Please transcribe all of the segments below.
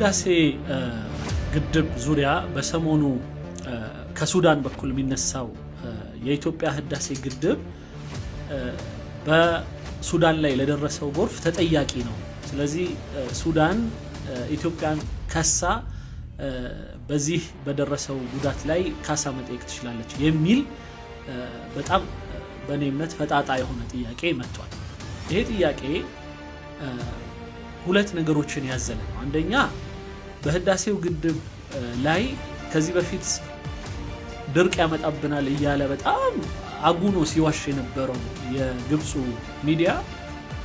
በህዳሴ ግድብ ዙሪያ በሰሞኑ ከሱዳን በኩል የሚነሳው የኢትዮጵያ ህዳሴ ግድብ በሱዳን ላይ ለደረሰው ጎርፍ ተጠያቂ ነው። ስለዚህ ሱዳን ኢትዮጵያን ከሳ በዚህ በደረሰው ጉዳት ላይ ካሳ መጠየቅ ትችላለች የሚል በጣም በእኔ እምነት ፈጣጣ የሆነ ጥያቄ መጥቷል። ይሄ ጥያቄ ሁለት ነገሮችን ያዘለ ነው። አንደኛ በህዳሴው ግድብ ላይ ከዚህ በፊት ድርቅ ያመጣብናል እያለ በጣም አጉኖ ሲዋሽ የነበረው የግብፁ ሚዲያ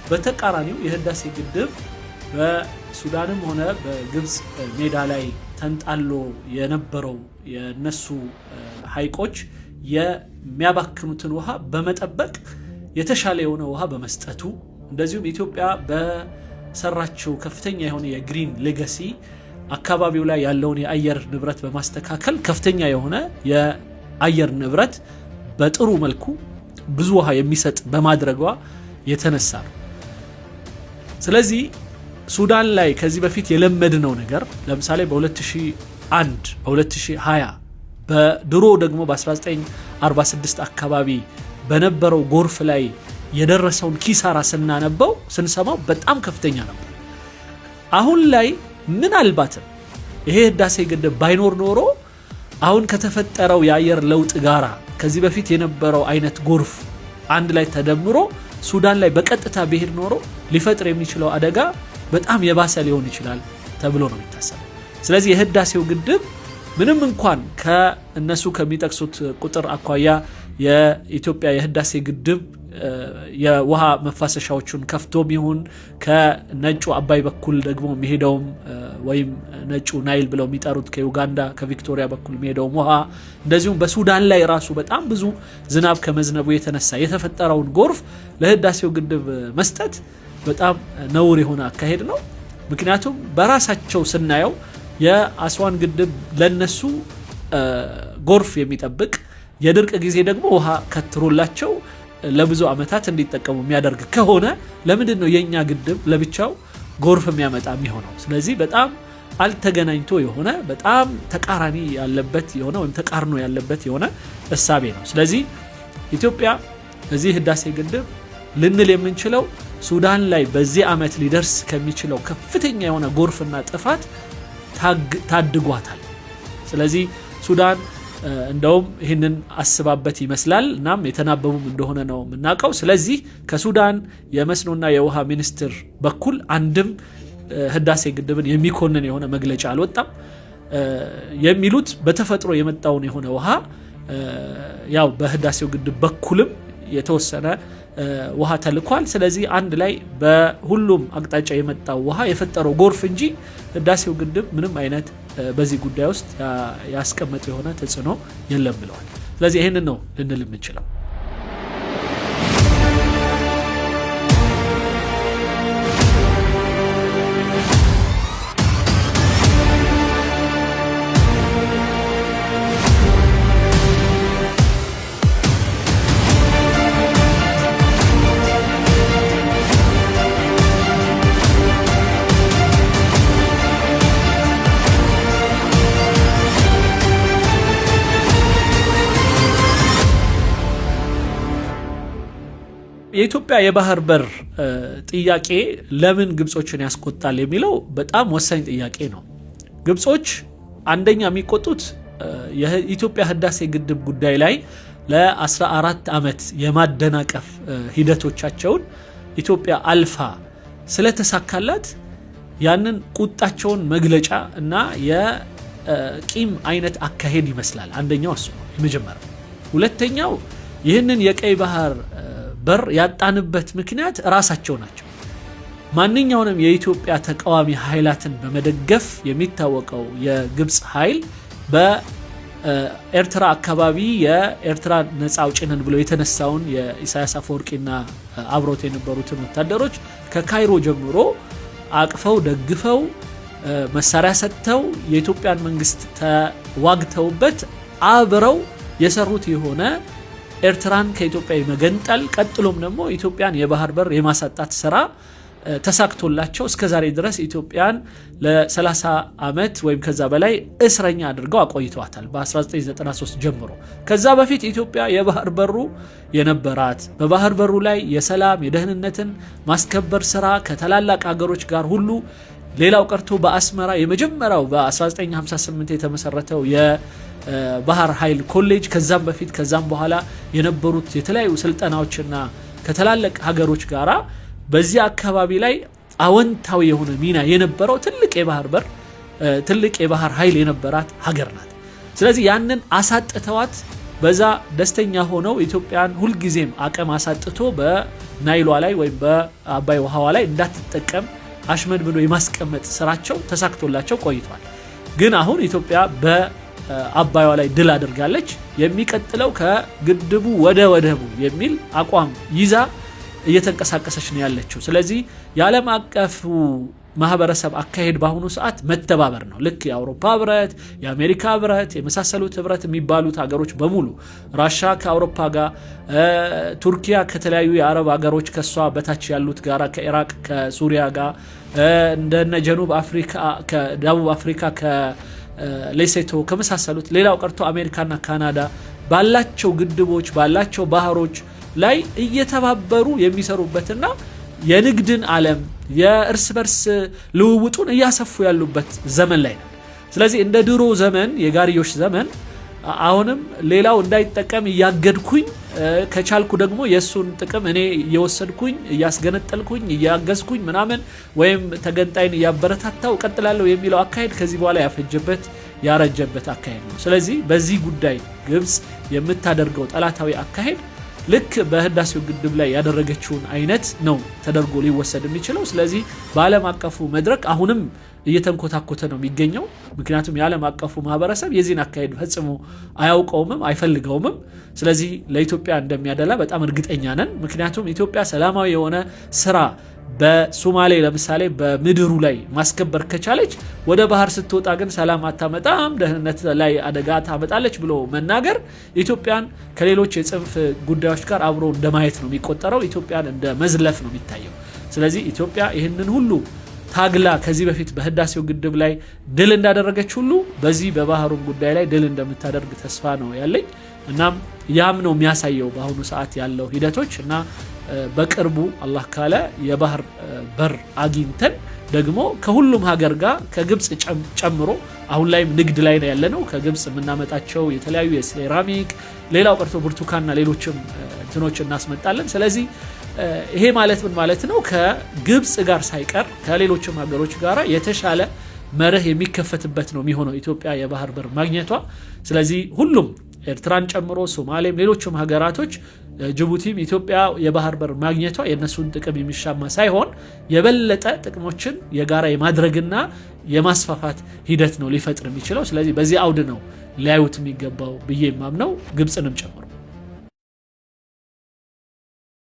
በተቃራኒው የህዳሴ ግድብ በሱዳንም ሆነ በግብፅ ሜዳ ላይ ተንጣሎ የነበረው የነሱ ሀይቆች የሚያባክኑትን ውሃ በመጠበቅ የተሻለ የሆነ ውሃ በመስጠቱ እንደዚሁም ኢትዮጵያ በሰራቸው ከፍተኛ የሆነ የግሪን ሌገሲ። አካባቢው ላይ ያለውን የአየር ንብረት በማስተካከል ከፍተኛ የሆነ የአየር ንብረት በጥሩ መልኩ ብዙ ውሃ የሚሰጥ በማድረጓ የተነሳ ነው። ስለዚህ ሱዳን ላይ ከዚህ በፊት የለመድነው ነገር ለምሳሌ በ2001 በ2020 በድሮ ደግሞ በ1946 አካባቢ በነበረው ጎርፍ ላይ የደረሰውን ኪሳራ ስናነበው ስንሰማው በጣም ከፍተኛ ነበር። አሁን ላይ ምናልባትም ይሄ ህዳሴ ግድብ ባይኖር ኖሮ አሁን ከተፈጠረው የአየር ለውጥ ጋር ከዚህ በፊት የነበረው አይነት ጎርፍ አንድ ላይ ተደምሮ ሱዳን ላይ በቀጥታ ብሄድ ኖሮ ሊፈጥር የሚችለው አደጋ በጣም የባሰ ሊሆን ይችላል ተብሎ ነው የሚታሰበው። ስለዚህ የህዳሴው ግድብ ምንም እንኳን ከእነሱ ከሚጠቅሱት ቁጥር አኳያ የኢትዮጵያ የህዳሴ ግድብ የውሃ መፋሰሻዎቹን ከፍቶም ይሁን ከነጩ አባይ በኩል ደግሞ የሚሄደውም ወይም ነጩ ናይል ብለው የሚጠሩት ከዩጋንዳ ከቪክቶሪያ በኩል የሚሄደውም ውሃ እንደዚሁም በሱዳን ላይ ራሱ በጣም ብዙ ዝናብ ከመዝነቡ የተነሳ የተፈጠረውን ጎርፍ ለህዳሴው ግድብ መስጠት በጣም ነውር የሆነ አካሄድ ነው። ምክንያቱም በራሳቸው ስናየው የአስዋን ግድብ ለነሱ ጎርፍ የሚጠብቅ የድርቅ ጊዜ ደግሞ ውሃ ከትሮላቸው ለብዙ ዓመታት እንዲጠቀሙ የሚያደርግ ከሆነ ለምንድን ነው የእኛ ግድብ ለብቻው ጎርፍ የሚያመጣ የሚሆነው? ስለዚህ በጣም አልተገናኝቶ የሆነ በጣም ተቃራኒ ያለበት የሆነ ወይም ተቃርኖ ያለበት የሆነ እሳቤ ነው። ስለዚህ ኢትዮጵያ እዚህ ህዳሴ ግድብ ልንል የምንችለው ሱዳን ላይ በዚህ ዓመት ሊደርስ ከሚችለው ከፍተኛ የሆነ ጎርፍና ጥፋት ታድጓታል። ስለዚህ ሱዳን እንደውም ይህንን አስባበት ይመስላል። እናም የተናበቡም እንደሆነ ነው የምናውቀው። ስለዚህ ከሱዳን የመስኖና የውሃ ሚኒስትር በኩል አንድም ህዳሴ ግድብን የሚኮንን የሆነ መግለጫ አልወጣም። የሚሉት በተፈጥሮ የመጣውን የሆነ ውሃ ያው በህዳሴው ግድብ በኩልም የተወሰነ ውሃ ተልኳል። ስለዚህ አንድ ላይ በሁሉም አቅጣጫ የመጣው ውሃ የፈጠረው ጎርፍ እንጂ ህዳሴው ግድብ ምንም አይነት በዚህ ጉዳይ ውስጥ ያስቀመጠ የሆነ ተጽዕኖ የለም ብለዋል። ስለዚህ ይህንን ነው ልንል የምንችለው። የኢትዮጵያ የባህር በር ጥያቄ ለምን ግብጾችን ያስቆጣል የሚለው በጣም ወሳኝ ጥያቄ ነው። ግብጾች አንደኛ የሚቆጡት የኢትዮጵያ ህዳሴ ግድብ ጉዳይ ላይ ለ14 ዓመት የማደናቀፍ ሂደቶቻቸውን ኢትዮጵያ አልፋ ስለተሳካላት ያንን ቁጣቸውን መግለጫ እና የቂም አይነት አካሄድ ይመስላል። አንደኛው እሱ ነው የመጀመሪያው። ሁለተኛው ይህንን የቀይ ባህር በር ያጣንበት ምክንያት ራሳቸው ናቸው። ማንኛውንም የኢትዮጵያ ተቃዋሚ ኃይላትን በመደገፍ የሚታወቀው የግብፅ ኃይል በኤርትራ አካባቢ የኤርትራ ነፃ አውጪ ብሎ የተነሳውን የኢሳያስ አፈወርቂና አብሮት የነበሩትን ወታደሮች ከካይሮ ጀምሮ አቅፈው ደግፈው መሳሪያ ሰጥተው የኢትዮጵያን መንግስት ተዋግተውበት አብረው የሰሩት የሆነ ኤርትራን ከኢትዮጵያ የመገንጠል ቀጥሎም ደግሞ ኢትዮጵያን የባህር በር የማሳጣት ስራ ተሳክቶላቸው እስከ ዛሬ ድረስ ኢትዮጵያን ለ30 ዓመት ወይም ከዛ በላይ እስረኛ አድርገው አቆይተዋታል። በ1993 ጀምሮ ከዛ በፊት ኢትዮጵያ የባህር በሩ የነበራት በባህር በሩ ላይ የሰላም የደህንነትን ማስከበር ስራ ከታላላቅ ሀገሮች ጋር ሁሉ ሌላው ቀርቶ በአስመራ የመጀመሪያው በ1958 የተመሰረተው ባህር ኃይል ኮሌጅ ከዛም በፊት ከዛም በኋላ የነበሩት የተለያዩ ስልጠናዎችና ከትላልቅ ሀገሮች ጋራ በዚህ አካባቢ ላይ አወንታዊ የሆነ ሚና የነበረው ትልቅ የባህር በር ትልቅ የባህር ኃይል የነበራት ሀገር ናት። ስለዚህ ያንን አሳጥተዋት በዛ ደስተኛ ሆነው ኢትዮጵያን ሁልጊዜም አቅም አሳጥቶ በናይሏ ላይ ወይም በአባይ ውሃዋ ላይ እንዳትጠቀም አሽመድምዶ የማስቀመጥ ስራቸው ተሳክቶላቸው ቆይቷል። ግን አሁን ኢትዮጵያ አባይዋ ላይ ድል አድርጋለች። የሚቀጥለው ከግድቡ ወደ ወደቡ የሚል አቋም ይዛ እየተንቀሳቀሰች ነው ያለችው። ስለዚህ የዓለም አቀፉ ማህበረሰብ አካሄድ በአሁኑ ሰዓት መተባበር ነው። ልክ የአውሮፓ ህብረት፣ የአሜሪካ ህብረት የመሳሰሉት ህብረት የሚባሉት ሀገሮች በሙሉ ራሻ ከአውሮፓ ጋር፣ ቱርኪያ ከተለያዩ የአረብ ሀገሮች ከሷ በታች ያሉት ጋራ ከኢራቅ ከሱሪያ ጋር እንደነ ጀኑብ አፍሪካ ከደቡብ አፍሪካ ሌሴቶ ከመሳሰሉት ሌላው ቀርቶ አሜሪካና ካናዳ ባላቸው ግድቦች ባላቸው ባህሮች ላይ እየተባበሩ የሚሰሩበትና የንግድን ዓለም የእርስ በርስ ልውውጡን እያሰፉ ያሉበት ዘመን ላይ ነው። ስለዚህ እንደ ድሮ ዘመን የጋርዮሽ ዘመን አሁንም ሌላው እንዳይጠቀም እያገድኩኝ ከቻልኩ ደግሞ የእሱን ጥቅም እኔ እየወሰድኩኝ እያስገነጠልኩኝ እያገዝኩኝ ምናምን ወይም ተገንጣይን እያበረታታው ቀጥላለሁ የሚለው አካሄድ ከዚህ በኋላ ያፈጀበት ያረጀበት አካሄድ ነው። ስለዚህ በዚህ ጉዳይ ግብፅ የምታደርገው ጠላታዊ አካሄድ ልክ በህዳሴው ግድብ ላይ ያደረገችውን አይነት ነው ተደርጎ ሊወሰድ የሚችለው። ስለዚህ በዓለም አቀፉ መድረክ አሁንም እየተንኮታኮተ ነው የሚገኘው። ምክንያቱም የዓለም አቀፉ ማህበረሰብ የዚህን አካሄድ ፈጽሞ አያውቀውምም አይፈልገውምም። ስለዚህ ለኢትዮጵያ እንደሚያደላ በጣም እርግጠኛ ነን። ምክንያቱም ኢትዮጵያ ሰላማዊ የሆነ ስራ በሶማሌ ለምሳሌ በምድሩ ላይ ማስከበር ከቻለች ወደ ባህር ስትወጣ ግን ሰላም አታመጣም፣ ደህንነት ላይ አደጋ ታመጣለች ብሎ መናገር ኢትዮጵያን ከሌሎች የጽንፍ ጉዳዮች ጋር አብሮ እንደማየት ነው የሚቆጠረው። ኢትዮጵያን እንደ መዝለፍ ነው የሚታየው። ስለዚህ ኢትዮጵያ ይህንን ሁሉ ታግላ ከዚህ በፊት በህዳሴው ግድብ ላይ ድል እንዳደረገች ሁሉ በዚህ በባህሩ ጉዳይ ላይ ድል እንደምታደርግ ተስፋ ነው ያለኝ። እናም ያም ነው የሚያሳየው በአሁኑ ሰዓት ያለው ሂደቶች እና በቅርቡ አላህ ካለ የባህር በር አግኝተን ደግሞ ከሁሉም ሀገር ጋር ከግብፅ ጨምሮ አሁን ላይም ንግድ ላይ ነው ያለነው። ከግብፅ የምናመጣቸው የተለያዩ የሴራሚክ ሌላው ቀርቶ ብርቱካንና ሌሎችም እንትኖች እናስመጣለን። ስለዚህ ይሄ ማለት ምን ማለት ነው? ከግብፅ ጋር ሳይቀር ከሌሎችም ሀገሮች ጋር የተሻለ መርህ የሚከፈትበት ነው የሚሆነው ኢትዮጵያ የባህር በር ማግኘቷ። ስለዚህ ሁሉም ኤርትራን ጨምሮ ሶማሌም፣ ሌሎችም ሀገራቶች ጅቡቲም ኢትዮጵያ የባህር በር ማግኘቷ የእነሱን ጥቅም የሚሻማ ሳይሆን የበለጠ ጥቅሞችን የጋራ የማድረግና የማስፋፋት ሂደት ነው ሊፈጥር የሚችለው። ስለዚህ በዚህ አውድ ነው ሊያዩት የሚገባው ብዬ የማምነው ግብፅንም ጨምሮ